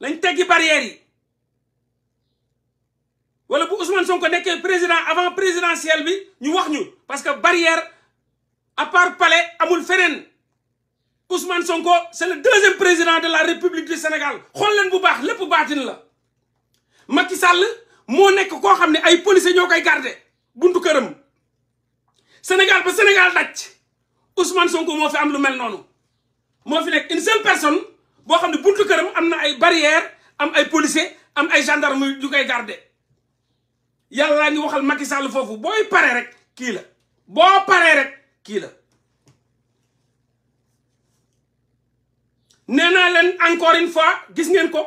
lañ teggi barrière yi wala bu Ousmane Sonko nekkee président avant présidentiel bi ñu wax ñu parce que barrière à part palais amul feneen Ousmane Sonko c'est le deuxième président de la République du Sénégal xool leen bu baax lépp baatin la Macky Sall moo nekk koo xam ni ay policiers ñoo koy garder buntu këram Sénégal ba Sénégal daj usman Sonko moo fi am lu mel noonu moo fi nekk une seule personne boo xam ne buntu këram am na ay barrière am ay policier am ay gendarme yu koy garder yàlla ñu waxal Macky Sall foofu booy pare rek kii la boo paree rek kii la nee naa leen encore une fois gis ngeen ko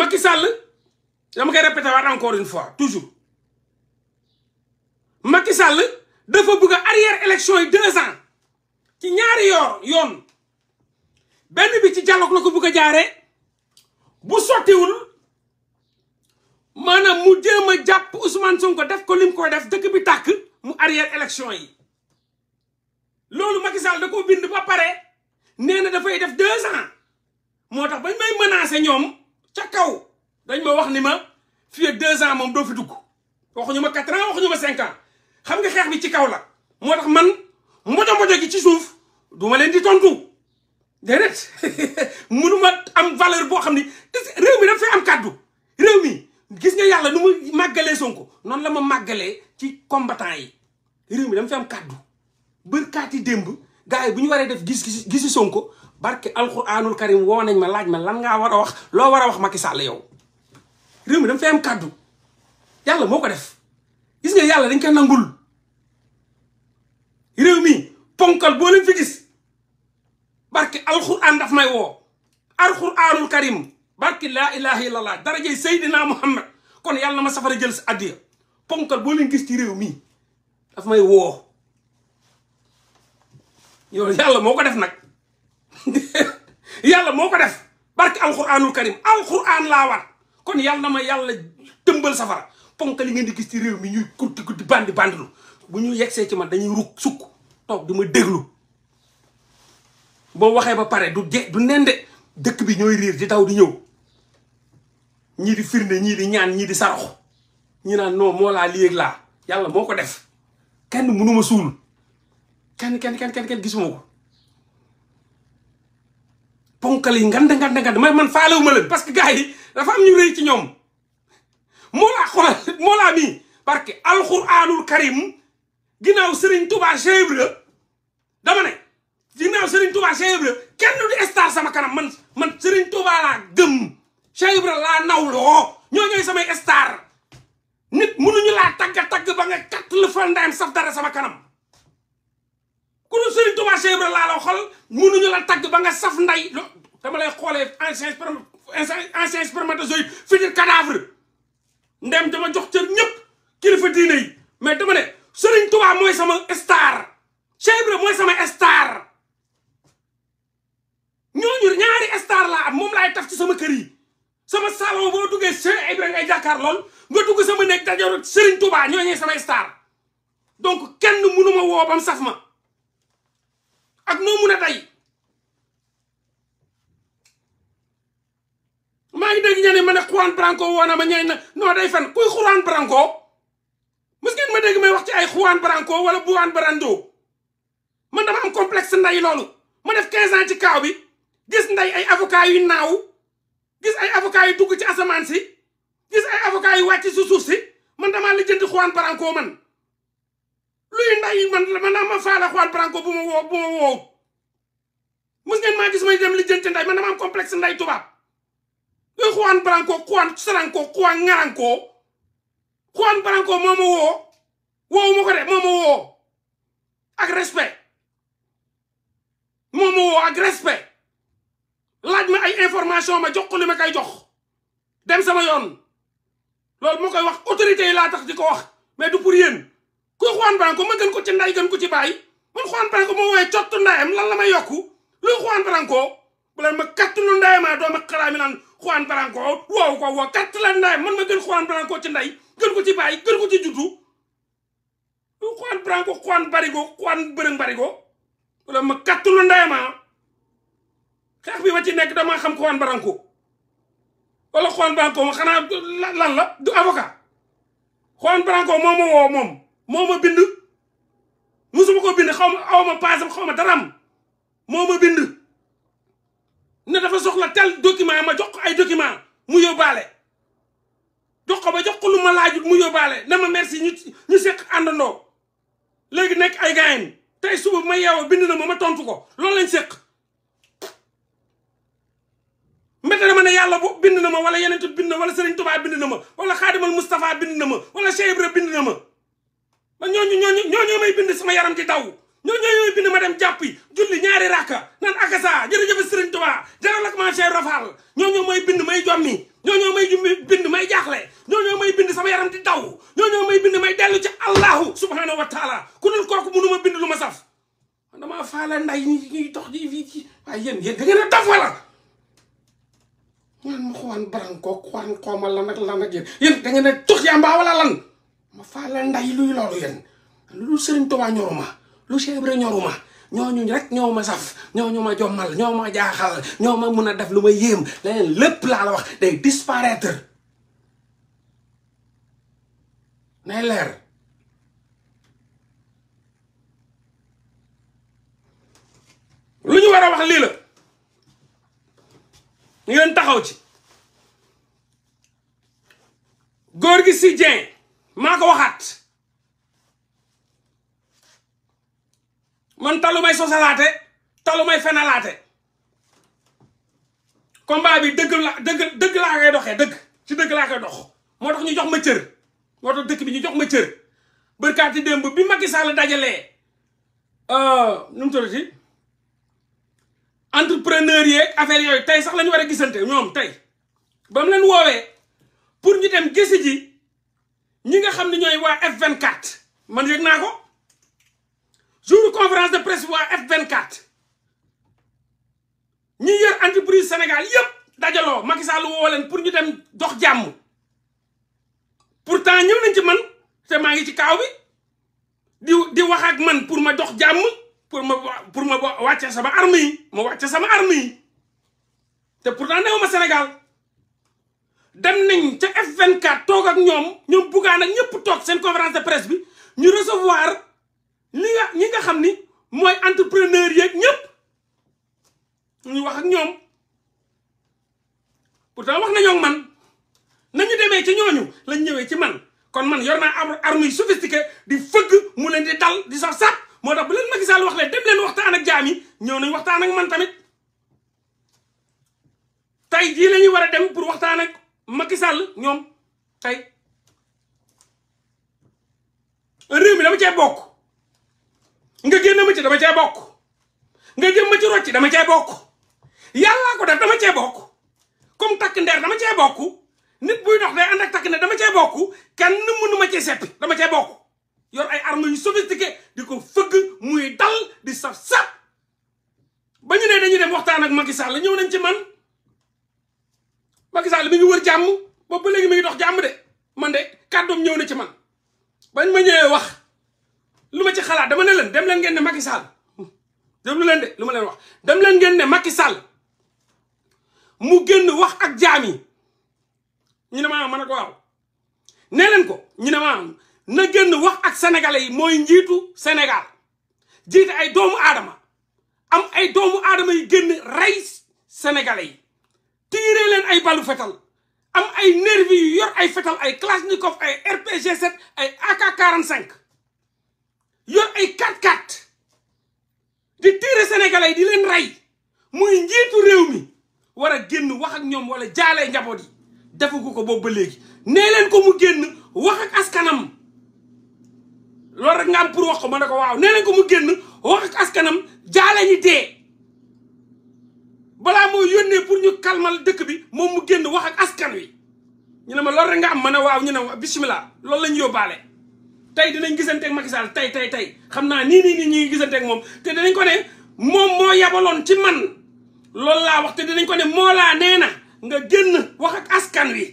Macky Sall dama koy répété waat encore une fois toujours Macky Sall dafa bëgg a arrière élection yi deux ci ñaari yoon yoon benn bi ci dialogue la ko bugg a jaaree bu sottiwul maanaam mu jéem a jàpp Ousmane ko def ko lim koy def dëkk bi tàkk mu arrière élection yi loolu Macky Sall da ko bind ba pare nee na dafay def deux ans moo tax bañ may menacer ñoom ca kaw dañ ma wax ni ma fii ak deux ans moom doo fi dugg ñu ma quatre ans waxuñu ma cinq ans xam nga xeex bi ci kaw la moo tax man mbojo mbojo gi ci suuf duma leen di tontu. déedéet mënuma am valeur boo xam ni réew mi dafa fay am kàddu réew mi gis nga yàlla nu mu màggalee Sonko noonu la ma màggalee ci combattant yi réew mi dama fi am kàddu bërkaati démb gars yi bu ñu waree def gis gisi Sonko barke alxuraanul karim woo nañ ma laaj ma lan ngaa war a wax loo war a wax Macky Sall yow réew mi dama fi am kàddu yàlla moo ko def gis nga yàlla dañ ko nangul réew mi ponkal boo leen fi gis alquran daf may woo alquranul karim barki laa ilaha illallah darajey seydina muhammad kon yàlla na ma safara jël si addiya ponkal boo leen gis ci réew mii daf may woo yow yàlla moo ko def nag yàlla moo ko def barki alquranul karim alquran laa war kon yàlla na ma yàlla tëmbal safara ponkal yi ngeen di gis ci réew mi ñuy guddi guddi bandi bandilu bu ñu yegsee ci ma dañuy ruk sukk toog di ma déglu boo waxee ba pare du de du de dëkk bi ñooy riir di daw di ñëw ñii di firnde ñii di ñaan ñii di saraxu ñi naan non moo laa lii ak laa yàlla moo ko def kenn mënuma suul kenn kenn kenn kenn kenn gisuma ko ponkal yi ngand ngand ngand man man faalewuma leen parce que gars yi dafa am ñu rëy ci ñoom moo laa xoolal moo laa mii parce que alxuraanul karim ginnaaw sëriñ Tuubaa Cheikh dama ne ginnaaw Serigne Touba Cheikh Ibra kenn star sama kanam man man Serigne Touba laa gëm la Ibra lo nawloo ñoo ñooy samay star nit mënuñu laa tagg tagg ba nga katt lu fandaayam saf dara sama kanam ku dul Serigne Touba Cheikh Ibra laa la xool la tagg ba nga saf nday dama lay xoolee ancien sperm ancien spermatozoïde futur cadavre ndem dama jox cër ñëpp kilifa diine yi mais dama ne Serigne Touba mooy sama star Cheikh Ibra mooy sama star ñooñu ñaari star laa am moom laay taf ci sama kër sama salon boo duggee Cheikh Ibrahima ngay jàkkaar lool nga dugg sama nekk dajoor Serigne Touba ñooñee samay star donc kenn mënuma woo bam saf ma ak noo mun a day maa ngi dégg ñeneen ma ne Juan Branco woo na ma ñëw na non day fen kuy Juan Branco mës ngeen ma dégg may wax ci ay Juan Branco wala Juan Brando man na am complexe nday loolu ma def 15 ans ci kaaw bi. gis nday ay avocat yu naaw gis ay avocat yu dugg ci asamaan si gis ay avocat yu wàcc si suuf si man damaa la jënd man luy nday man man ma faala Juan Branco bu ma woo bu ma woowu mus ngeen maa gis may dem li jënd nday man dama am complexe nday tubaab yooyu Juan Branco Juan Saranco Juan Ngaranco Juan Branco moo ma woo woowu ma ko de moo ma woo ak respect laaj ma ay information ma jox ko li ma koy jox dem sama yoon loolu moo koy wax autorités yi laa tax di ko wax mais du pour yéen kuy Juan Branco ma gën ko ci nday ko ci baay man Juan Branco moo woowee cottu ndayam lan la may yokku luy Juan Branco bu leen ma katt lu ndayamaa ah, dooma xaraami naan Juan Branco woow ko woo katt la ndayam man ma gën Juan Branco ci nday gën ko ci baay gën ko ci juddu lu Juan Branco Juan Barigo Juan Bërëng Barigo bu leen ma katt lu ndayamaa ah. xeex bi ma ci nekk damaa xam Juan Branco wala Juan Branco ma xanaa lan la du avocat Juan Branco moo ma woo moom moo ma bind musuma ko bind xaw ma aw ma paasam xaw ma daraam moo ma bind ne dafa soxla tel document ma jox ko ay document mu yóbbaale jox ko ba jox ko lu ma laajut mu yóbbaale na ma merci ñu ñu seq àndandoo léegi nekk ay gaayen tey suba ma yeewoo bind na ma ma tontu ko loolu lañ seq yàlla bu bind na ma wala yeneen tu bind na wala Serigne na ma wala Xaadimal Moustapha bind na ma wala Cheikh Ibra bind na ma man ñooñu ñooñu ñooñoo may bind sama yaram di daw ñooñoo may bind ma dem jàppi julli ñaari rakka naan akasa jërëjëf Serigne Touba jaral ak ma Cheikh Rafal ñooñoo may bind may jommi ñooñoo may bind may jaaxle ñooñoo may bind sama yaram di daw ñooñoo may bind may dellu ci Allahu subhanahu wa ku dul kooku mënu ma bind lu ma saf man damaa faale nday ñuy dox di fii ci waaye a ñaan ma Juan Branco Juan xooma lan ak lan ak yéen yéen da ngeen ne lan ma faale nday luy loolu yéen lu dul Sëriñ ñoruma lu Cheikh Ibra ñoruma ñooñu rek ñoo ma saf ñooñu ma jommal ñoo ma jaaxal ñoo ma mun a def lu ma yéem leneen lépp laa la wax day disparaître nay leer lu ñu war a wax lii ngeen taxaw ci góor gi si Dieng maa ko waxaat man talu may sosalaate talu may fenalaate combat bi dëgg la dëgg dëgg laa koy doxee dëgg ci dëgg laa koy dox moo tax ñu jox ma cër moo tax dëkk bi ñu jox ma cër bërkaati démb bi Macky Sall dajalee euh, nu mu tuddati entrepreneur yeeg affaire yooyu tey sax la ñu war a gisante ñoom tey ba mu leen woowee pour ñu dem gisi ji ñi nga xam ne ñooy waa F24 man yëg naa ko jour conférence de presse waa F24 ñi yor entreprise Sénégal yëpp dajaloo Macky Sall woo leen pour ñu dem dox jàmm pour pourtant ñëw nañ ci man te maa ngi ci kaaw bi di di wax ak man pour ma dox jàmm. pour ma pour ma wàcce sama arme yi ma wàcce sama arme yi te pourtant néew ma senegal dem nañ ca F24 toog ak ñoom ñoom buggaan ak toog seen conférence de presse bi ñu recevoir li ñi nga xam ni mooy entrepreneur yeeg ñëpp ñu wax ñoom ñoom pourtant wax nañoo ak man nañu demee ci ñooñu lañ ñëwee ci man kon man yor naa arme yu di fëgg mu leen di dal di sax sax moo tax bu leen Macky Sall wax leen dem leen waxtaan ak jaam yi ñëw nañ waxtaan ak man tamit tey jii la ñuy war a dem pour waxtaan ak Macky Sall ñoom tey réew mi dama cee bokk nga génn ma ci dama cee bokk nga jëm ma ci rocci dama cee bokk yàllaa ko def dama cee bokk kom takk ndeer dama cee bokk nit buy dox day ànd ak takk ndeer dama cee bokk kenn mënu ma cee seppi dama cee bokk yor ay armes yu sophistiqué di ko fëgg muy dal di saf-saf ba ñu ne dañuy dem waxtaan ak Macky la ñëw nañ ci man Macky Sall mi ngi wër jàmm boobu ba léegi mi ngi dox jàmm de man de kàddoom ñëw na ci man ba ma ñëwee wax lu ma ci xalaat dama ne leen dem leen ngeen ne Macky Sall dem lu leen de lu leen wax dem leen ngeen ne Macky mu génn wax ak jaam yi ñu ne maa ma ne ko waaw nee leen ko ñu ne na génn wax ak sénégalais yi mooy njiitu senegal jiite ay doomu aadama am ay doomu aadama yi génn rey sénégalais yi tiire leen ay balu fetal am ay nervi yu yor ay fetal ay kalachnikov ay RPG 7 ay AK 45 yor ay 4-4 di tiire sénégalais yi di leen rey muy njiitu réew mi war a génn wax ak ñoom wala jaalee njaboot yi defagu ko boobu ba léegi leen ko mu génn wax ak askanam rek nga am pour wax ko ma ne ko waaw nee ko mu génn wax ak askanam jaale ñi dee balaa moo yónnee pour ñu kalmal dëkk bi moom mu génn wax ak askan wi ñu ne ma loolu rek nga am ma ne waaw ñu ne bisimilah loolu la ñu yóbbaale. tey dinañ gisanteeg Macky Sall tey tey tey xam naa nii nii ñuy ñu ngi moom te dinañ ko ne moom moo yabaloon ci man loolu laa wax te dinañ ko ne moo laa nee na nga génn wax ak askan wi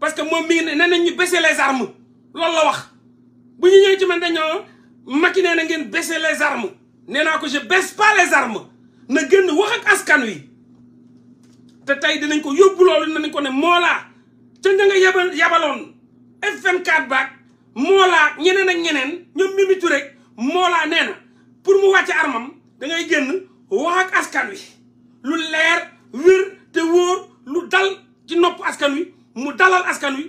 parce que moom mi ne nee nañ ñu baisser les armes loolu la wax. bu ñu ñëwee ci man dañoo Macky nee na ngeen bese les armes nee naa ko je baisse pas les armes na génn wax ak askan wi te tey dinañ ko yóbbu loolu dinañ ko ne moolaa ca ña nga yabal yabaloon F24 baak moolaa ñeneen ak ñeneen ñoom Mimi rek moolaa nee pour mu wàcc armam dangay génn wax askan wi lu leer wér te wóor lu dal ci nopp askan wi mu dalal askan wi